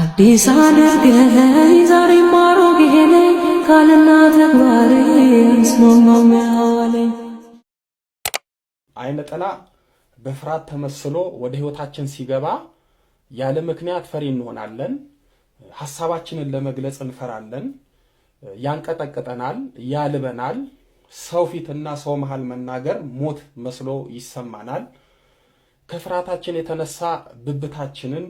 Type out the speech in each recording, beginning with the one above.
አዲስ አድርገኝ ዛሬ ማሮጌኔ ቃልና ተግባሬ ያስማማው ያዋለኝ። አይነ ጥላ በፍርሃት ተመስሎ ወደ ህይወታችን ሲገባ ያለ ምክንያት ፈሪ እንሆናለን። ሀሳባችንን ለመግለጽ እንፈራለን። ያንቀጠቅጠናል፣ ያልበናል። ሰው ፊትና ሰው መሃል መናገር ሞት መስሎ ይሰማናል። ከፍርሃታችን የተነሳ ብብታችንን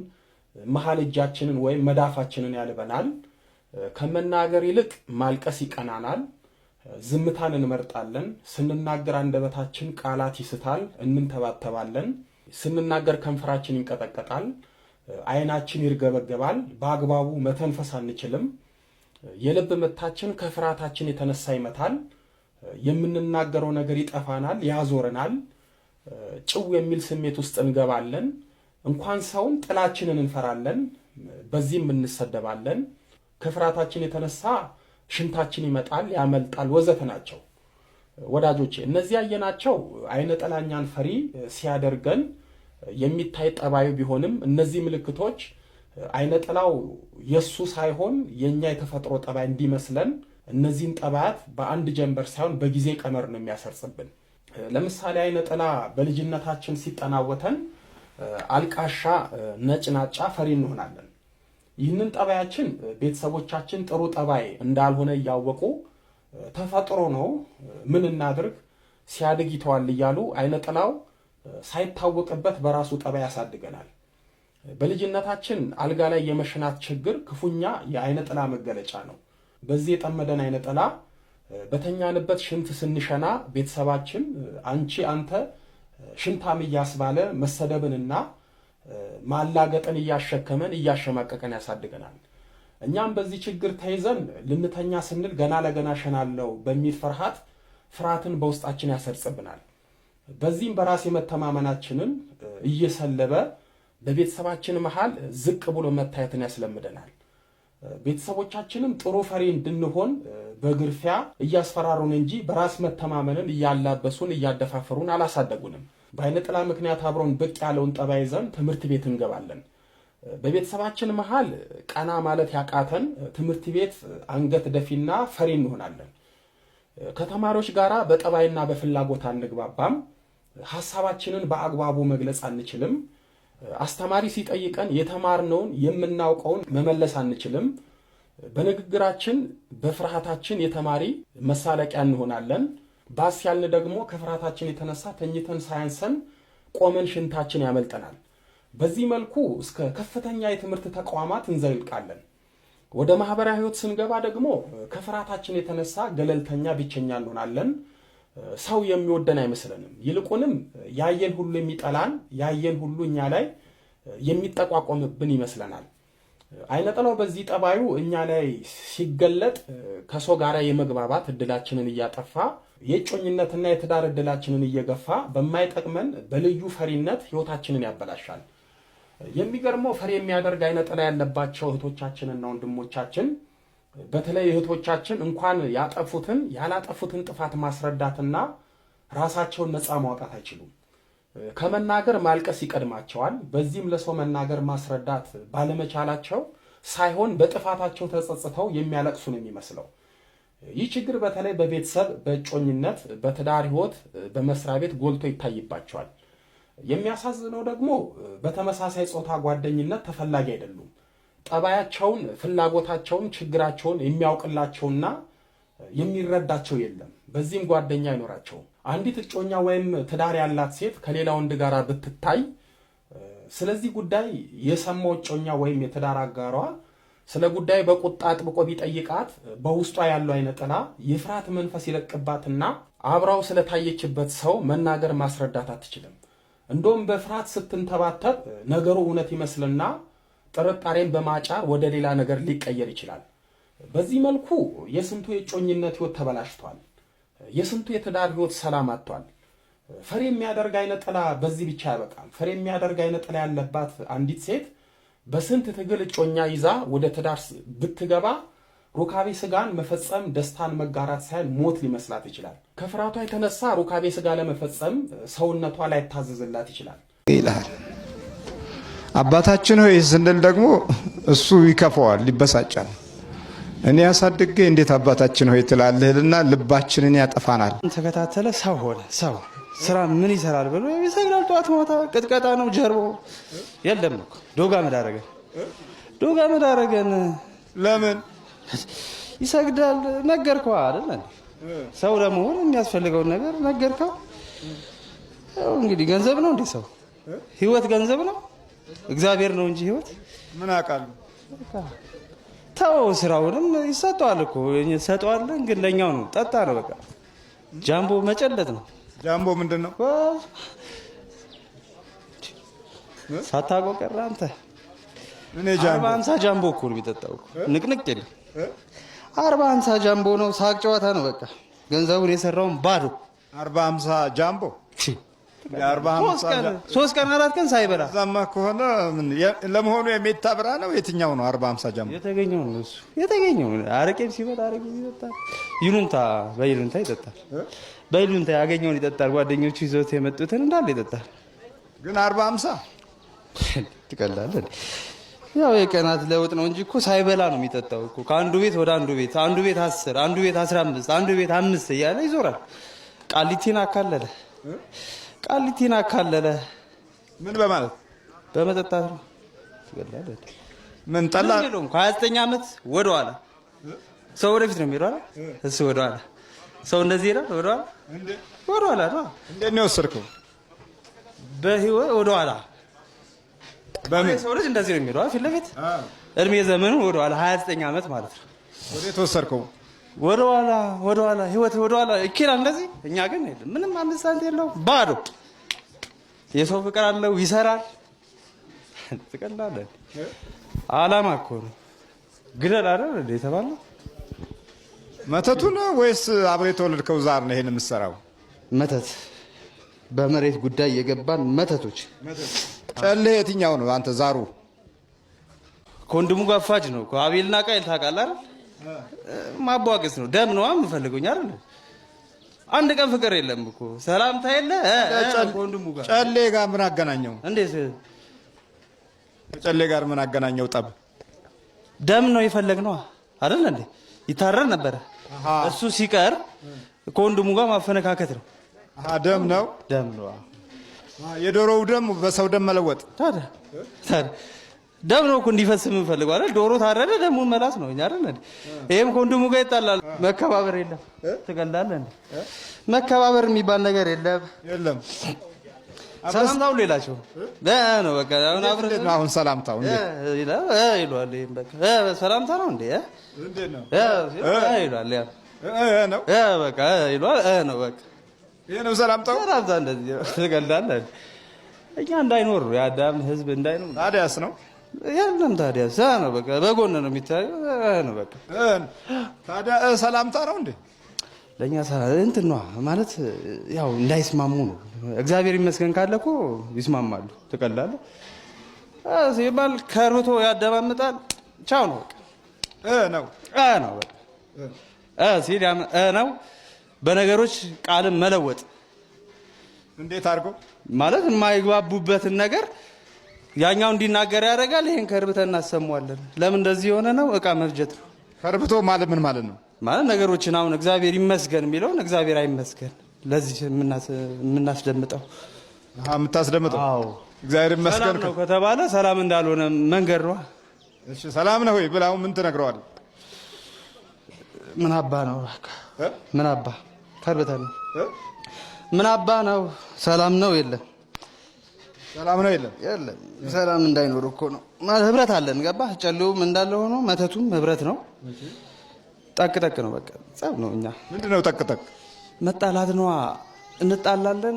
መሀል እጃችንን ወይም መዳፋችንን ያልበናል። ከመናገር ይልቅ ማልቀስ ይቀናናል። ዝምታን እንመርጣለን። ስንናገር አንደበታችን ቃላት ይስታል፣ እንንተባተባለን። ስንናገር ከንፈራችን ይንቀጠቀጣል፣ አይናችን ይርገበገባል፣ በአግባቡ መተንፈስ አንችልም። የልብ ምታችን ከፍርሃታችን የተነሳ ይመታል። የምንናገረው ነገር ይጠፋናል፣ ያዞረናል። ጭው የሚል ስሜት ውስጥ እንገባለን። እንኳን ሰውን ጥላችንን እንፈራለን፣ በዚህም እንሰደባለን። ከፍርሃታችን የተነሳ ሽንታችን ይመጣል፣ ያመልጣል፣ ወዘተ ናቸው። ወዳጆቼ እነዚህ ያየናቸው አይነ ጠላኛን ፈሪ ሲያደርገን የሚታይ ጠባዩ ቢሆንም እነዚህ ምልክቶች አይነ ጥላው የእሱ ሳይሆን የእኛ የተፈጥሮ ጠባይ እንዲመስለን እነዚህን ጠባያት በአንድ ጀንበር ሳይሆን በጊዜ ቀመር ነው የሚያሰርጽብን። ለምሳሌ አይነ ጥላ በልጅነታችን ሲጠናወተን አልቃሻ፣ ነጭናጫ፣ ፈሪ እንሆናለን። ይህንን ጠባያችን ቤተሰቦቻችን ጥሩ ጠባይ እንዳልሆነ እያወቁ ተፈጥሮ ነው ምን እናድርግ ሲያድግ ይተዋል እያሉ አይነ ጥላው ሳይታወቅበት በራሱ ጠባይ ያሳድገናል። በልጅነታችን አልጋ ላይ የመሽናት ችግር ክፉኛ የአይነ ጥላ መገለጫ ነው። በዚህ የጠመደን አይነ ጥላ በተኛንበት ሽንት ስንሸና ቤተሰባችን አንቺ፣ አንተ ሽንታም እያስባለ መሰደብንና ማላገጥን እያሸከመን እያሸማቀቀን ያሳድገናል። እኛም በዚህ ችግር ተይዘን ልንተኛ ስንል ገና ለገና ሸናለው በሚል ፍርሃት ፍርሃትን በውስጣችን ያሰርጽብናል። በዚህም በራስ የመተማመናችንን እየሰለበ በቤተሰባችን መሃል ዝቅ ብሎ መታየትን ያስለምደናል። ቤተሰቦቻችንም ጥሩ ፈሪ እንድንሆን በግርፊያ እያስፈራሩን እንጂ በራስ መተማመንን እያላበሱን እያደፋፈሩን አላሳደጉንም። በአይነ ጥላ ምክንያት አብሮን ብቅ ያለውን ጠባይ ይዘን ትምህርት ቤት እንገባለን። በቤተሰባችን መሃል ቀና ማለት ያቃተን ትምህርት ቤት አንገት ደፊና ፈሪ እንሆናለን። ከተማሪዎች ጋር በጠባይና በፍላጎት አንግባባም። ሀሳባችንን በአግባቡ መግለጽ አንችልም። አስተማሪ ሲጠይቀን የተማርነውን የምናውቀውን መመለስ አንችልም። በንግግራችን በፍርሃታችን የተማሪ መሳለቂያ እንሆናለን። ባስ ያልን ደግሞ ከፍርሃታችን የተነሳ ተኝተን ሳያንሰን ቆመን ሽንታችን ያመልጠናል። በዚህ መልኩ እስከ ከፍተኛ የትምህርት ተቋማት እንዘልቃለን። ወደ ማህበራዊ ህይወት ስንገባ ደግሞ ከፍርሃታችን የተነሳ ገለልተኛ፣ ብቸኛ እንሆናለን። ሰው የሚወደን አይመስለንም። ይልቁንም ያየን ሁሉ የሚጠላን፣ ያየን ሁሉ እኛ ላይ የሚጠቋቆምብን ይመስለናል። አይነጥላው በዚህ ጠባዩ እኛ ላይ ሲገለጥ ከሰው ጋር የመግባባት እድላችንን እያጠፋ የእጮኝነትና የትዳር እድላችንን እየገፋ በማይጠቅመን በልዩ ፈሪነት ህይወታችንን ያበላሻል። የሚገርመው ፈሪ የሚያደርግ አይነጥላ ያለባቸው እህቶቻችንና ወንድሞቻችን በተለይ እህቶቻችን እንኳን ያጠፉትን ያላጠፉትን ጥፋት ማስረዳትና ራሳቸውን ነፃ ማውጣት አይችሉም። ከመናገር ማልቀስ ይቀድማቸዋል። በዚህም ለሰው መናገር ማስረዳት ባለመቻላቸው ሳይሆን በጥፋታቸው ተጸጽተው የሚያለቅሱ ነው የሚመስለው። ይህ ችግር በተለይ በቤተሰብ፣ በእጮኝነት፣ በትዳር ህይወት፣ በመስሪያ ቤት ጎልቶ ይታይባቸዋል። የሚያሳዝነው ደግሞ በተመሳሳይ ጾታ ጓደኝነት ተፈላጊ አይደሉም። ጠባያቸውን፣ ፍላጎታቸውን፣ ችግራቸውን የሚያውቅላቸውና የሚረዳቸው የለም። በዚህም ጓደኛ አይኖራቸውም። አንዲት እጮኛ ወይም ትዳር ያላት ሴት ከሌላ ወንድ ጋር ብትታይ ስለዚህ ጉዳይ የሰማው እጮኛ ወይም የትዳር አጋሯ ስለ ጉዳይ በቁጣ አጥብቆ ቢጠይቃት በውስጧ ያለው አይነ ጥላ የፍርሃት መንፈስ ይለቅባትና አብራው ስለታየችበት ሰው መናገር ማስረዳት አትችልም። እንደውም በፍርሃት ስትንተባተብ ነገሩ እውነት ይመስልና ጥርጣሬን በማጫር ወደ ሌላ ነገር ሊቀየር ይችላል። በዚህ መልኩ የስንቱ የእጮኝነት ህይወት ተበላሽቷል። የስንቱ የትዳር ህይወት ሰላም አጥቷል። ፈሬ የሚያደርግ አይነ ጥላ በዚህ ብቻ ያበቃል። ፈር የሚያደርግ አይነ ጥላ ያለባት አንዲት ሴት በስንት ትግል እጮኛ ይዛ ወደ ትዳር ብትገባ ሩካቤ ስጋን መፈጸም ደስታን መጋራት ሳይሆን ሞት ሊመስላት ይችላል። ከፍራቷ የተነሳ ሩካቤ ስጋ ለመፈጸም ሰውነቷ ላይታዘዝላት ይችላል ይላል። አባታችን ሆይ ስንል ደግሞ እሱ ይከፈዋል፣ ይበሳጫል። እኔ ያሳድጌ እንዴት አባታችን ሆይ ትላለህልና ልባችንን ያጠፋናል። ተከታተለ ሰው ሆነ ሰው ስራ ምን ይሰራል ብሎ ይሰግዳል። ጠዋት ማታ ቅጥቀጣ ነው ጀርቦ የለም እኮ ዶጋ መዳረገን ዶጋ መዳረገን ለምን ይሰግዳል? ነገርከዋ አይደለ? ሰው ለመሆን የሚያስፈልገውን ነገር ነገርከው። እንግዲህ ገንዘብ ነው እንዴ? ሰው ህይወት ገንዘብ ነው። እግዚአብሔር ነው እንጂ ህይወት ምን አውቃለሁ ተው፣ ስራውንም ይሰጠዋል እኮ ሰጠዋለን፣ ግን ለእኛው ነው። ጠጣ ነው በቃ ጃምቦ መጨለጥ ነው። ጃምቦ ምንድን ነው? ሳታቆ ቀረ አንተ። አርባ ሀምሳ ጃምቦ እኮ ነው የሚጠጣው። ንቅንቅ የለም። አርባ ሀምሳ ጃምቦ ነው። ሳቅ ጨዋታ ነው በቃ ገንዘቡን የሰራውን ባዶ አርባ ሀምሳ ጃምቦ ሶስት ቀን አራት ቀን ሳይበላ እዛማ ከሆነ ለመሆኑ የሜታ ብራ ነው የትኛው ነው? አርባ ሀምሳ ጀምሮ የተገኘው ነው እሱ የተገኘው። አረቄም ሲመጣ አረቄ ይጠጣል፣ ይሉንታ በይሉንታ ይጠጣል፣ በይሉንታ ያገኘውን ይጠጣል። ጓደኞቹ ይዘውት የመጡትን እንዳለ ይጠጣል። ግን አርባ ሀምሳ ትቀላለህ። ያው የቀናት ለውጥ ነው እንጂ እኮ ሳይበላ ነው የሚጠጣው እኮ ከአንዱ ቤት ወደ አንዱ ቤት፣ አንዱ ቤት አስር፣ አንዱ ቤት አስራ አምስት፣ አንዱ ቤት አምስት እያለ ይዞራል። ቃሊቲን አካለለ ቃሊቲን አካለለ ምን በማለት በመጠጣት ነው። ምን ጠላ ሀያ ዘጠኝ ዓመት ወደኋላ ሰው ወደፊት ነው የሚሄደው አለ። እሱ ወደኋላ ሰው እንደዚህ ይላል። ወደኋላ ወደኋላ ነው። እንዴት ነው የወሰድከው? በህይወት ወደኋላ በምን ሰው ልጅ እንደዚህ ነው የሚሄደው ፊት ለፊት እድሜ ዘመኑ ወደኋላ ሀያ ዘጠኝ ዓመት ማለት ነው። ወዴት ወሰድከው? ወደኋላ ወደኋላ ህይወት ወደኋላ እኬላ እንደዚህ። እኛ ግን የለም ምንም አንድ የለው ባዶ። የሰው ፍቅር አለው ይሰራል። ትቀላለህ። አላማ እኮ ነው። ግደል አይደል እንዴ የተባለው መተቱ ነው ወይስ አብሬ የተወለድከው ዛር ነው? ይሄን የምትሰራው መተት በመሬት ጉዳይ የገባን መተቶች። ጨሌ የትኛው ነው አንተ? ዛሩ ከወንድሙ ጋፋጅ ነው። አቤልና ቃይል ታውቃለህ አይደል ማቧቀስ ነው። ደም ነው የምፈልገኝ አይደል? አንድ ቀን ፍቅር የለም እኮ ሰላምታ የለ። ጨሌ ጋር ምን አገናኘው? እንዴት ከጨሌ ጋር ምን አገናኘው? ጠብ ደም ነው የፈለግነው አይደል? እንዴ ይታረር ነበረ። እሱ ሲቀር ከወንድሙ ጋር ማፈነካከት ነው። ደም ነው ደም ነው የዶሮው ደም በሰው ደም መለወጥ ታዲያ ደም ነው እኮ እንዲፈስ የምንፈልገው አይደል? ዶሮ ታረደ፣ ደሙ መላስ ነው እኛ አይደል? ይሄም ከወንድሙ ጋር ይጣላል። መከባበር የለም። ትገልዳለህ። መከባበር የሚባል ነገር የለም፣ የለም። ሰላምታው ሌላቸው ነው። በቃ አሁን አብረን አሁን ሰላምታው እንዴ ይላል ይሏል። ይሄም በቃ ሰላምታ ነው እንዴ ነው ይሏል። በቃ ይሏል ነው በቃ ይሄ ነው ሰላምታው። ሰላምታ እንደዚህ ትገልዳለህ። እኛ እንዳይኖር የአዳም ህዝብ እንዳይኖር ታዲያስ ነው የለም ታዲያ እዛ ነው በቃ በጎን ነው የሚታየው። በቃ ታዲያ ሰላምታ ነው እንዴ? ለእኛ እንትን ነዋ ማለት ያው እንዳይስማሙ ነው። እግዚአብሔር ይመስገን ካለ እኮ ይስማማሉ። ትቀላለ ሲባል ከርቶ ያደማምጣል። ቻው ነው ነው ነው ሲል ነው በነገሮች ቃልን መለወጥ እንዴት አድርጎ ማለት የማይግባቡበትን ነገር ያኛው እንዲናገር ያደርጋል። ይህን ከርብተን እናሰማዋለን። ለምን እንደዚህ የሆነ ነው? እቃ መፍጀት ነው። ከርብቶ ማለት ምን ማለት ነው? ማለት ነገሮችን አሁን እግዚአብሔር ይመስገን የሚለውን እግዚአብሔር አይመስገን ለዚህ የምናስደምጠው የምታስደምጠው እግዚአብሔር ይመስገን ነው ከተባለ ሰላም እንዳልሆነ መንገድ ነዋ። እሺ ሰላም ነው ወይ ብላው ምን ትነግረዋል? ምን አባ ነው ምን አባ ከርብተን ምን አባ ነው ሰላም ነው የለም ሰላም ነው የለም የለም። ሰላም እንዳይኖር እኮ ነው ህብረት አለን። ገባህ? ጨሌውም እንዳለ ሆኖ መተቱም ህብረት ነው። ጠቅ ጠቅ ነው በቃ ጸብ ነው። እኛ ምንድን ነው ጠቅ ጠቅ መጣላት ነዋ። እንጣላለን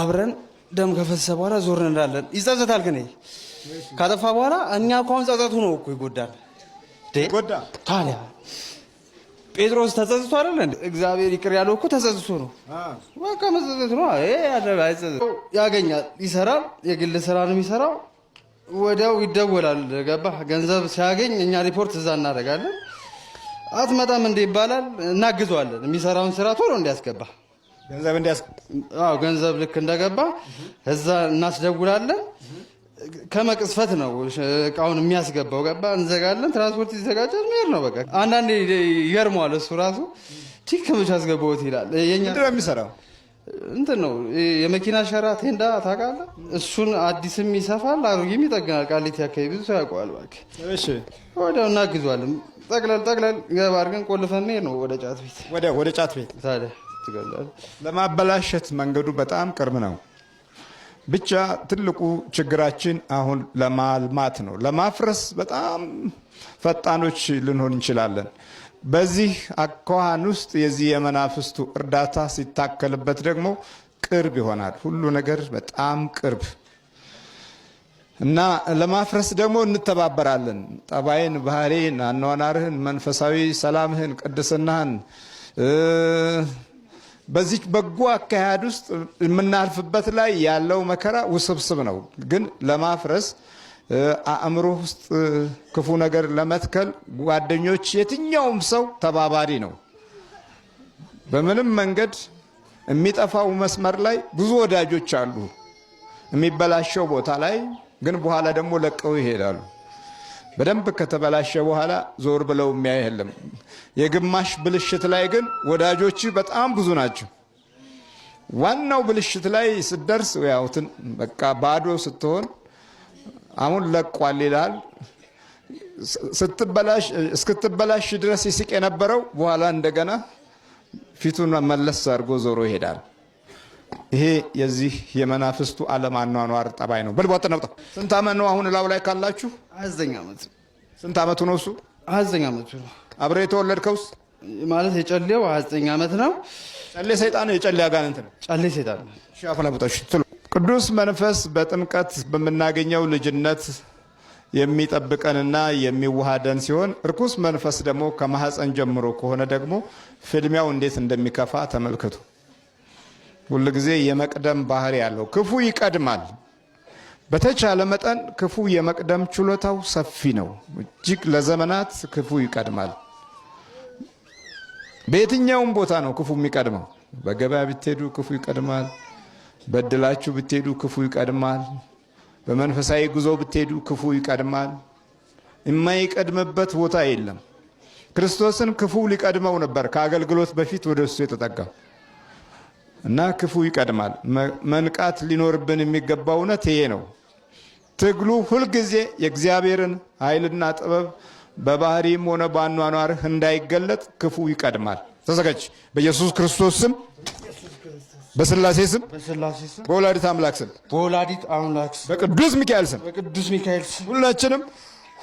አብረን ደም ከፈሰሰ በኋላ ዞር እንላለን ይጸጸታል። ግን ካጠፋ በኋላ እኛ እኮ አሁን ጸጸቱ ነው እኮ ይጎዳል። ታዲያ ጴጥሮስ ተጸጽቶ አይደል እንዴ? እግዚአብሔር ይቅር ያለው እኮ ተጸጽቶ ነው። በቃ መጸጸት ነው። ያገኛል፣ ይሰራል። የግል ስራ ነው የሚሰራው። ወዲያው ይደወላል። ገባህ? ገንዘብ ሲያገኝ እኛ ሪፖርት እዛ እናደርጋለን። አትመጣም እንዴ ይባላል። እናግዘዋለን፣ የሚሰራውን ስራ ቶሎ እንዲያስገባ ገንዘብ እንዲያስገባ። ገንዘብ ልክ እንደገባ እዛ እናስደውላለን። ከመቅስፈት ነው እቃውን የሚያስገባው። ገባ እንዘጋለን፣ ትራንስፖርት ይዘጋጃል፣ መሄድ ነው በቃ። አንዳንዴ ይገርመዋል እሱ ራሱ ቲክ ከምቻ አስገባሁት ይላል። የሚሰራው እንትን ነው የመኪና ሸራ ቴንዳ ታውቃለህ? እሱን አዲስም ይሰፋል፣ አሮጌም ይጠግናል። ቃሊቲ አካባቢ ብዙ ሰው ያውቀዋል። እባክህ ወዲያው እናግዟለን። ጠቅለል ጠቅለል ገባ አድርገን ቆልፈን መሄድ ነው ወደ ጫት ቤት ወደ ጫት ቤት ታዲያ ለማበላሸት መንገዱ በጣም ቅርብ ነው። ብቻ ትልቁ ችግራችን አሁን ለማልማት ነው። ለማፍረስ በጣም ፈጣኖች ልንሆን እንችላለን። በዚህ አኳኋን ውስጥ የዚህ የመናፍስቱ እርዳታ ሲታከልበት ደግሞ ቅርብ ይሆናል። ሁሉ ነገር በጣም ቅርብ እና ለማፍረስ ደግሞ እንተባበራለን። ጠባይን፣ ባህሬን፣ አኗኗርህን፣ መንፈሳዊ ሰላምህን፣ ቅድስናህን በዚህ በጎ አካሄድ ውስጥ የምናልፍበት ላይ ያለው መከራ ውስብስብ ነው። ግን ለማፍረስ አእምሮ ውስጥ ክፉ ነገር ለመትከል ጓደኞች፣ የትኛውም ሰው ተባባሪ ነው። በምንም መንገድ የሚጠፋው መስመር ላይ ብዙ ወዳጆች አሉ፣ የሚበላሸው ቦታ ላይ ግን በኋላ ደግሞ ለቀው ይሄዳሉ። በደንብ ከተበላሸ በኋላ ዞር ብለው የሚያይ የለም። የግማሽ ብልሽት ላይ ግን ወዳጆች በጣም ብዙ ናቸው። ዋናው ብልሽት ላይ ስደርስ ያውትን በቃ ባዶ ስትሆን አሁን ለቋል ይላል። እስክትበላሽ ድረስ ይስቅ የነበረው በኋላ እንደገና ፊቱን መለስ አድርጎ ዞሮ ይሄዳል። ይሄ የዚህ የመናፍስቱ ዓለም አኗኗር ጠባይ ነው። በልቧጥ ነውጣ ስንት ዓመት ነው አሁን እላው ላይ ካላችሁ? አዘኛ ዓመት ስንት ዓመቱ ነው እሱ? አዘኛ ዓመቱ ነው። አብረህ የተወለድከውስ ማለት የጨሌው አዘኛ ዓመት ነው። ጨሌ ሰይጣን የጨሌ አጋንንት ነው። ጨሌ ሰይጣን ትሉ ቅዱስ መንፈስ በጥምቀት በምናገኘው ልጅነት የሚጠብቀንና የሚዋሃደን ሲሆን እርኩስ መንፈስ ደግሞ ከማህፀን ጀምሮ ከሆነ ደግሞ ፍልሚያው እንዴት እንደሚከፋ ተመልክቱ። ሁሉ ጊዜ የመቅደም ባህሪ ያለው ክፉ ይቀድማል። በተቻለ መጠን ክፉ የመቅደም ችሎታው ሰፊ ነው። እጅግ ለዘመናት ክፉ ይቀድማል። በየትኛውም ቦታ ነው ክፉ የሚቀድመው። በገበያ ብትሄዱ ክፉ ይቀድማል። በእድላችሁ ብትሄዱ ክፉ ይቀድማል። በመንፈሳዊ ጉዞ ብትሄዱ ክፉ ይቀድማል። የማይቀድምበት ቦታ የለም። ክርስቶስን ክፉ ሊቀድመው ነበር ከአገልግሎት በፊት ወደ እሱ የተጠጋው። እና ክፉ ይቀድማል። መንቃት ሊኖርብን የሚገባው እውነት ይሄ ነው። ትግሉ ሁልጊዜ የእግዚአብሔርን ኃይልና ጥበብ በባህሪም ሆነ በአኗኗርህ እንዳይገለጥ ክፉ ይቀድማል። ተዘጋጅ። በኢየሱስ ክርስቶስ ስም፣ በስላሴ ስም፣ በወላዲት አምላክ ስም፣ በቅዱስ ሚካኤል ስም፣ ሁላችንም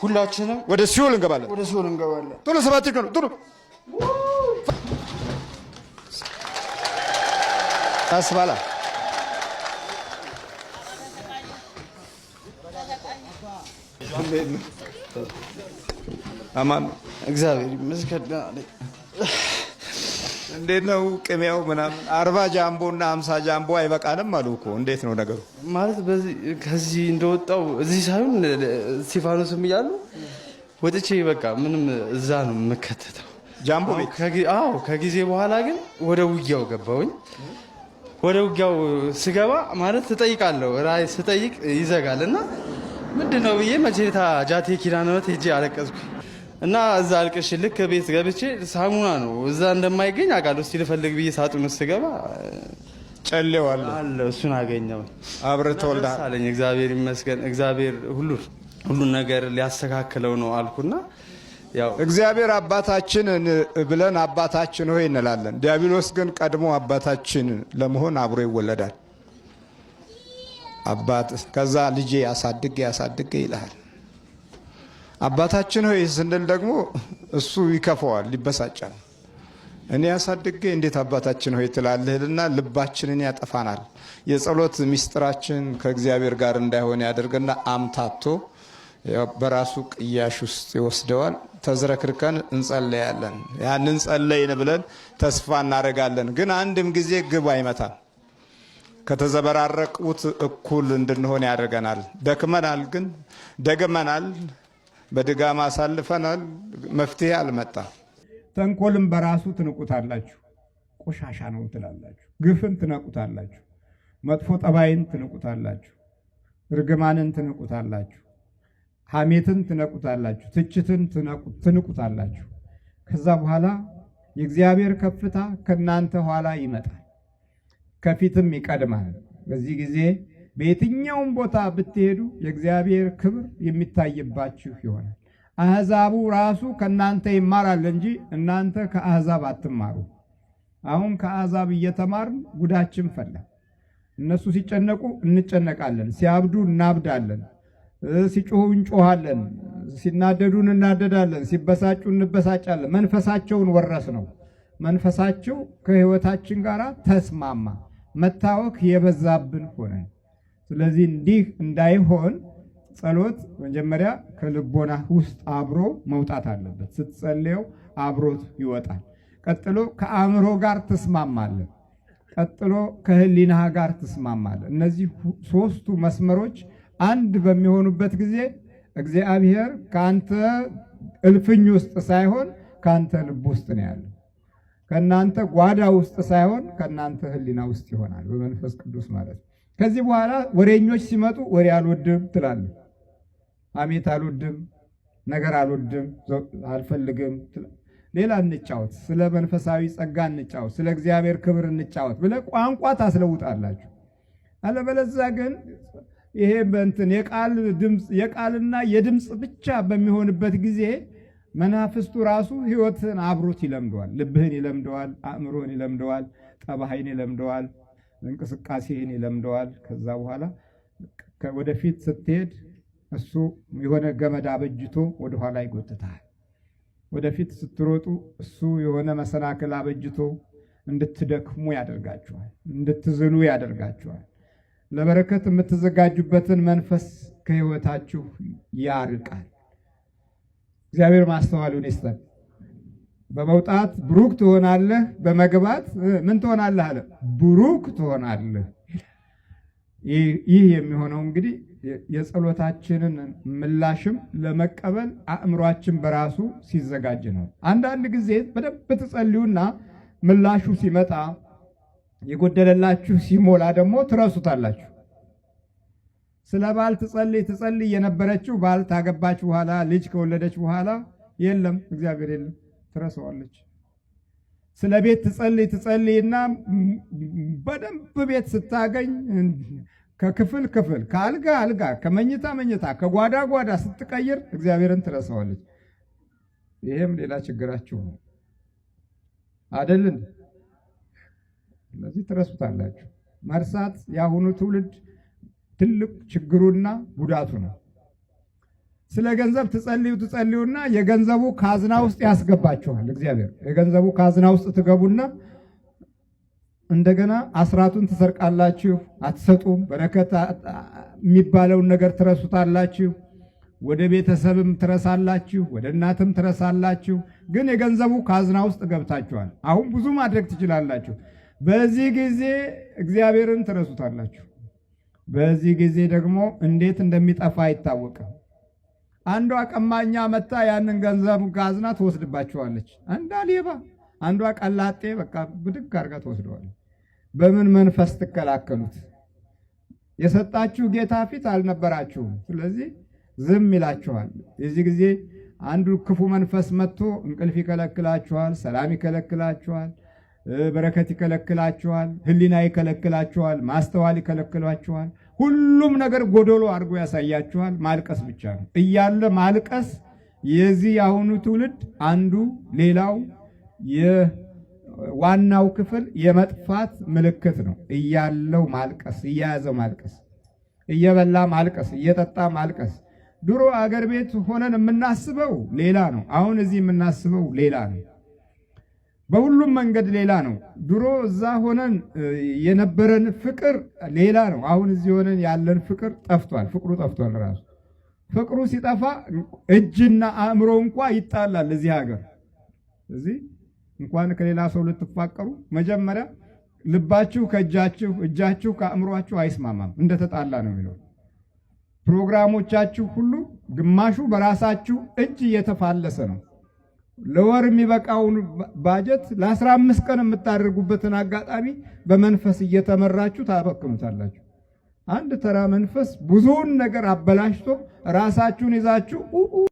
ሁላችንም ወደ እንገባለን። ወደ ሲኦል እንገባለን። ቶሎ ሰባት ነው። ቶሎ ቀስ በላ አማን እግዚአብሔር ይመስገን። እንዴት ነው ቅቤው ምናምን? አርባ ጃምቦ እና ሀምሳ ጃምቦ አይበቃንም አሉ እኮ። እንዴት ነው ነገሩ? ማለት ከዚህ እንደወጣው እዚህ ሳይሆን እስጢፋኖስም እያሉ ወጥቼ በቃ ምንም እዛ ነው የምከተተው ጃምቦ ቤት። አዎ ከጊዜ በኋላ ግን ወደ ውጊያው ገባውኝ። ወደ ውጊያው ስገባ ማለት ትጠይቃለሁ ራይ ስጠይቅ ይዘጋል እና ምንድን ነው ብዬ መቼታ ጃቴ ኪዳነት ሄጄ አለቀስኩ እና እዛ አልቅሽ ልክ ቤት ገብቼ ሳሙና ነው እዛ እንደማይገኝ አውቃለሁ። እስኪ ልፈልግ ብዬ ሳጥን ውስጥ ስገባ ጨሌዋለ አለ እሱን አገኘው። አብረህ ተወልደሃል አለኝ። እግዚአብሔር ይመስገን እግዚአብሔር ሁሉ ሁሉን ነገር ሊያስተካክለው ነው አልኩና ያው እግዚአብሔር አባታችን ብለን አባታችን ሆይ እንላለን። ዲያብሎስ ግን ቀድሞ አባታችን ለመሆን አብሮ ይወለዳል። አባት ከዛ ልጄ ያሳድገ ያሳድገ ይልሃል። አባታችን ሆይ ስንል ደግሞ እሱ ይከፈዋል፣ ይበሳጫል። እኔ ያሳድገ እንዴት አባታችን ሆይ ትላልህልና ልባችንን ያጠፋናል። የጸሎት ሚስጥራችን ከእግዚአብሔር ጋር እንዳይሆን ያደርግና አምታቶ በራሱ ቅያሽ ውስጥ ይወስደዋል። ተዝረክርከን እንጸለያለን። ያን እንጸለይን ብለን ተስፋ እናደርጋለን። ግን አንድም ጊዜ ግብ አይመታም። ከተዘበራረቁት እኩል እንድንሆን ያደርገናል። ደክመናል፣ ግን ደግመናል። በድጋም አሳልፈናል። መፍትሄ አልመጣም። ተንኮልም በራሱ ትንቁታላችሁ፣ ቆሻሻ ነው ትላላችሁ። ግፍን ትነቁታላችሁ፣ መጥፎ ጠባይን ትንቁታላችሁ፣ እርግማንን ትንቁታላችሁ። ሐሜትን ትነቁታላችሁ፣ ትችትን ትንቁታላችሁ። ከዛ በኋላ የእግዚአብሔር ከፍታ ከእናንተ ኋላ ይመጣል፣ ከፊትም ይቀድማል። በዚህ ጊዜ በየትኛውም ቦታ ብትሄዱ የእግዚአብሔር ክብር የሚታይባችሁ ይሆናል። አሕዛቡ ራሱ ከእናንተ ይማራል እንጂ እናንተ ከአሕዛብ አትማሩ። አሁን ከአሕዛብ እየተማርን ጉዳችን ፈላ። እነሱ ሲጨነቁ እንጨነቃለን፣ ሲያብዱ እናብዳለን። ሲጮሁ እንጮኋለን፣ ሲናደዱ እናደዳለን፣ ሲበሳጩ እንበሳጫለን። መንፈሳቸውን ወረስ ነው። መንፈሳቸው ከህይወታችን ጋር ተስማማ፣ መታወክ የበዛብን ሆነ። ስለዚህ እንዲህ እንዳይሆን ጸሎት መጀመሪያ ከልቦና ውስጥ አብሮ መውጣት አለበት። ስትጸልየው አብሮት ይወጣል። ቀጥሎ ከአእምሮ ጋር ትስማማለህ። ቀጥሎ ከህሊና ጋር ትስማማለህ። እነዚህ ሶስቱ መስመሮች አንድ በሚሆኑበት ጊዜ እግዚአብሔር ከአንተ እልፍኝ ውስጥ ሳይሆን ከአንተ ልብ ውስጥ ነው ያለ። ከእናንተ ጓዳ ውስጥ ሳይሆን ከእናንተ ሕሊና ውስጥ ይሆናል በመንፈስ ቅዱስ ማለት ነው። ከዚህ በኋላ ወሬኞች ሲመጡ ወሬ አልወድም ትላለ። አሜት አልወድም፣ ነገር አልወድም፣ አልፈልግም፣ ሌላ እንጫወት፣ ስለ መንፈሳዊ ጸጋ እንጫወት፣ ስለ እግዚአብሔር ክብር እንጫወት ብለ ቋንቋ ታስለውጣላችሁ። አለበለዚያ ግን ይሄ በእንትን የቃል ድምፅ የቃልና የድምፅ ብቻ በሚሆንበት ጊዜ መናፍስቱ ራሱ ህይወትን አብሮት ይለምደዋል። ልብህን ይለምደዋል፣ አእምሮን ይለምደዋል፣ ጠባሃይን ይለምደዋል፣ እንቅስቃሴህን ይለምደዋል። ከዛ በኋላ ወደፊት ስትሄድ እሱ የሆነ ገመድ አበጅቶ ወደኋላ ይጎትታል። ወደፊት ስትሮጡ እሱ የሆነ መሰናክል አበጅቶ እንድትደክሙ ያደርጋችኋል፣ እንድትዝሉ ያደርጋችኋል። ለበረከት የምትዘጋጁበትን መንፈስ ከህይወታችሁ ያርቃል። እግዚአብሔር ማስተዋሉን ይስጠን። በመውጣት ብሩክ ትሆናለህ፣ በመግባት ምን ትሆናለህ አለ ብሩክ ትሆናለህ። ይህ የሚሆነው እንግዲህ የጸሎታችንን ምላሽም ለመቀበል አእምሯችን በራሱ ሲዘጋጅ ነው። አንዳንድ ጊዜ በደንብ ትጸልዩና ምላሹ ሲመጣ የጎደለላችሁ ሲሞላ ደግሞ ትረሱታላችሁ። ስለ ባል ትጸልይ ትጸልይ የነበረችው ባል ታገባች በኋላ ልጅ ከወለደች በኋላ የለም እግዚአብሔር የለም ትረሰዋለች። ስለ ቤት ትጸልይ ትጸልይና በደንብ ቤት ስታገኝ ከክፍል ክፍል ከአልጋ አልጋ ከመኝታ መኝታ ከጓዳ ጓዳ ስትቀይር እግዚአብሔርን ትረሳዋለች። ይሄም ሌላ ችግራችሁ ነው አደልን ስለዚህ ትረሱታላችሁ። መርሳት የአሁኑ ትውልድ ትልቅ ችግሩና ጉዳቱ ነው። ስለ ገንዘብ ትጸልዩ ትጸልዩና የገንዘቡ ካዝና ውስጥ ያስገባችኋል እግዚአብሔር። የገንዘቡ ካዝና ውስጥ ትገቡና እንደገና አስራቱን ትሰርቃላችሁ፣ አትሰጡም። በረከት የሚባለውን ነገር ትረሱታላችሁ። ወደ ቤተሰብም ትረሳላችሁ፣ ወደ እናትም ትረሳላችሁ። ግን የገንዘቡ ካዝና ውስጥ ገብታችኋል። አሁን ብዙ ማድረግ ትችላላችሁ። በዚህ ጊዜ እግዚአብሔርን ትረሱታላችሁ። በዚህ ጊዜ ደግሞ እንዴት እንደሚጠፋ አይታወቅም። አንዷ ቀማኛ መታ ያንን ገንዘብ ጋዝና ትወስድባችኋለች፣ እንዳ ሌባ። አንዷ ቀላጤ በቃ ብድግ አድርጋ ትወስደዋለች። በምን መንፈስ ትከላከሉት? የሰጣችሁ ጌታ ፊት አልነበራችሁም። ስለዚህ ዝም ይላችኋል። የዚህ ጊዜ አንዱ ክፉ መንፈስ መጥቶ እንቅልፍ ይከለክላችኋል፣ ሰላም ይከለክላችኋል። በረከት ይከለክላችኋል፣ ህሊና ይከለክላችኋል፣ ማስተዋል ይከለክላችኋል። ሁሉም ነገር ጎዶሎ አድርጎ ያሳያችኋል። ማልቀስ ብቻ ነው እያለ ማልቀስ የዚህ የአሁኑ ትውልድ አንዱ ሌላው ዋናው ክፍል የመጥፋት ምልክት ነው። እያለው ማልቀስ፣ እያያዘው ማልቀስ፣ እየበላ ማልቀስ፣ እየጠጣ ማልቀስ። ድሮ አገር ቤት ሆነን የምናስበው ሌላ ነው። አሁን እዚህ የምናስበው ሌላ ነው። በሁሉም መንገድ ሌላ ነው። ድሮ እዛ ሆነን የነበረን ፍቅር ሌላ ነው። አሁን እዚህ ሆነን ያለን ፍቅር ጠፍቷል። ፍቅሩ ጠፍቷል። ራሱ ፍቅሩ ሲጠፋ እጅና አእምሮ እንኳ ይጣላል እዚህ ሀገር። ስለዚህ እንኳን ከሌላ ሰው ልትፋቀሩ መጀመሪያ ልባችሁ ከእጃችሁ እጃችሁ ከአእምሯችሁ አይስማማም። እንደተጣላ ነው የሚለው ፕሮግራሞቻችሁ ሁሉ ግማሹ በራሳችሁ እጅ እየተፋለሰ ነው። ለወር የሚበቃውን ባጀት ለ15 ቀን የምታደርጉበትን አጋጣሚ በመንፈስ እየተመራችሁ ታበክኑታላችሁ። አንድ ተራ መንፈስ ብዙውን ነገር አበላሽቶ ራሳችሁን ይዛችሁ